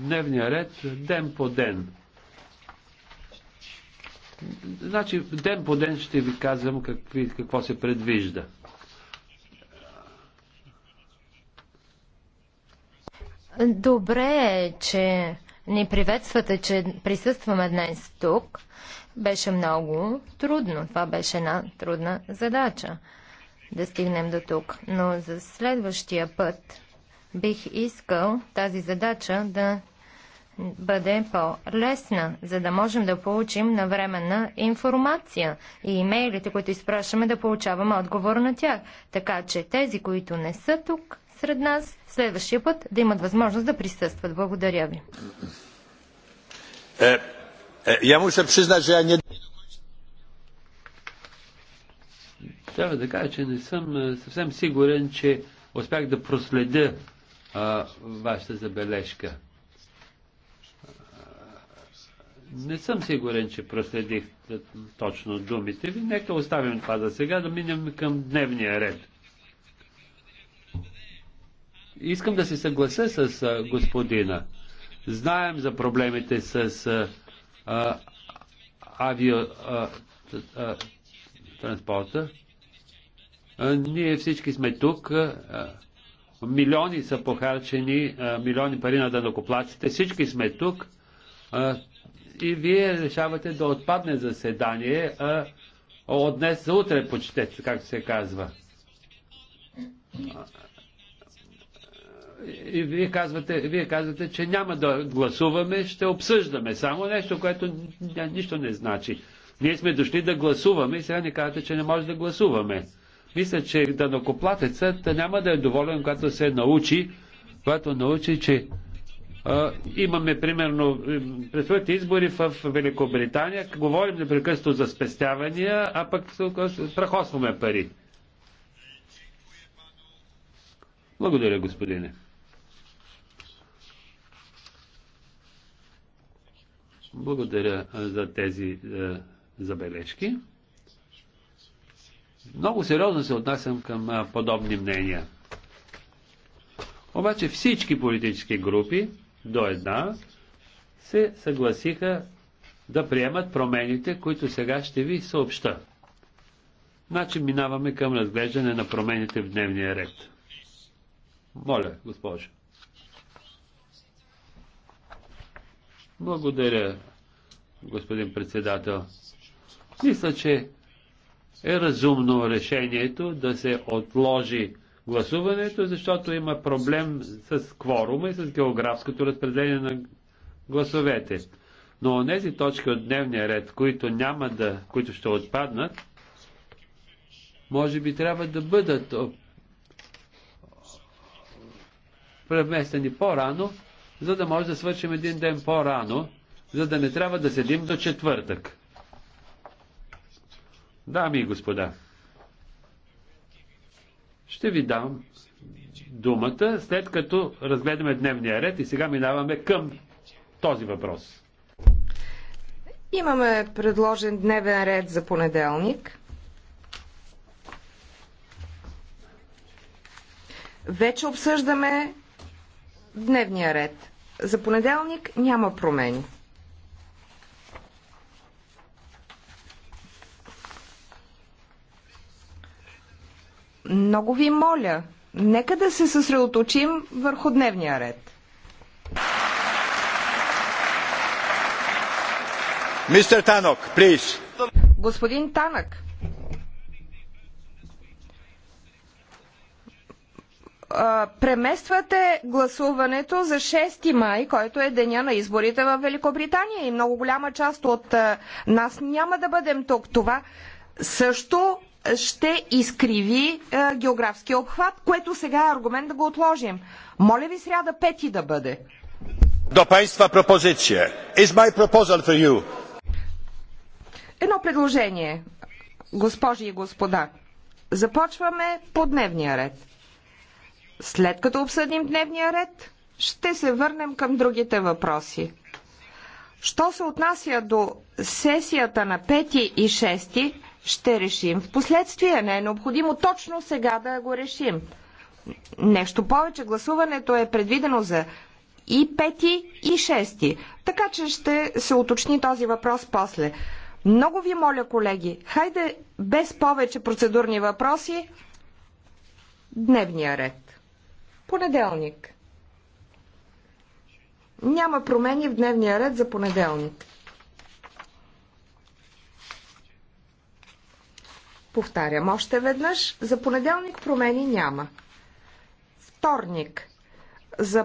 дневния ред ден по ден. Значи, ден по ден ще ви казвам какви, какво се предвижда. Добре е, че ни приветствате, че присъстваме днес тук. Беше много трудно. Това беше една трудна задача да стигнем до тук. Но за следващия път бих искал тази задача да бъде по-лесна, за да можем да получим навременна информация и имейлите, които изпращаме, да получаваме отговор на тях. Така че тези, които не са тук сред нас, следващия път да имат възможност да присъстват. Благодаря ви. Е, е, я му се призна, че я не... Трябва да кажа, че не съм е, съвсем сигурен, че успях да проследя а, вашата забележка. Не съм сигурен, че проследих точно думите ви. Нека оставим това за сега, да минем към дневния ред. Искам да се съглася с господина. Знаем за проблемите с а, авиотранспорта. Ние всички сме тук. А, милиони са похарчени, а, милиони пари на дънокоплаците. Всички сме тук. А, и вие решавате да отпадне заседание а, от днес за утре, почетете, както се казва. И вие казвате, вие казвате, че няма да гласуваме, ще обсъждаме само нещо, което нищо не значи. Ние сме дошли да гласуваме и сега ни казвате, че не може да гласуваме. Мисля, че данокоплатецът няма да е доволен, когато се научи, когато научи, че Имаме, примерно, е, предстоят избори в Великобритания, говорим непрекъснато за спестявания, а пък страхосваме пари. Благодаря, господине. Благодаря за тези е, забележки. Много сериозно се отнасям към е, подобни мнения. Обаче всички политически групи до една, се съгласиха да приемат промените, които сега ще ви съобща. Значи минаваме към разглеждане на промените в дневния ред. Моля, госпожо. Благодаря, господин председател. Мисля, че е разумно решението да се отложи гласуването, защото има проблем с кворума и с географското разпределение на гласовете. Но тези точки от дневния ред, които няма да, които ще отпаднат, може би трябва да бъдат преместени по-рано, за да може да свършим един ден по-рано, за да не трябва да седим до четвъртък. Дами и господа, ще ви дам думата, след като разгледаме дневния ред и сега минаваме към този въпрос. Имаме предложен дневен ред за понеделник. Вече обсъждаме дневния ред. За понеделник няма промени. Много ви моля, нека да се съсредоточим върху дневния ред. Мистер Танок, плиз. Господин Танък, премествате гласуването за 6 май, който е деня на изборите в Великобритания и много голяма част от нас няма да бъдем тук. Това също ще изкриви е, географския обхват, което сега е аргумент да го отложим. Моля ви сряда пети да бъде. До państwa пропозиция. Is my proposal for you. Едно предложение, госпожи и господа. Започваме по дневния ред. След като обсъдим дневния ред, ще се върнем към другите въпроси. Що се отнася до сесията на 5 и 6, ще решим в последствие. Не е необходимо точно сега да го решим. Нещо повече, гласуването е предвидено за и пети, и шести. Така че ще се уточни този въпрос после. Много ви моля, колеги, хайде без повече процедурни въпроси. Дневния ред. Понеделник. Няма промени в дневния ред за понеделник. Повтарям още веднъж. За понеделник промени няма. Вторник. За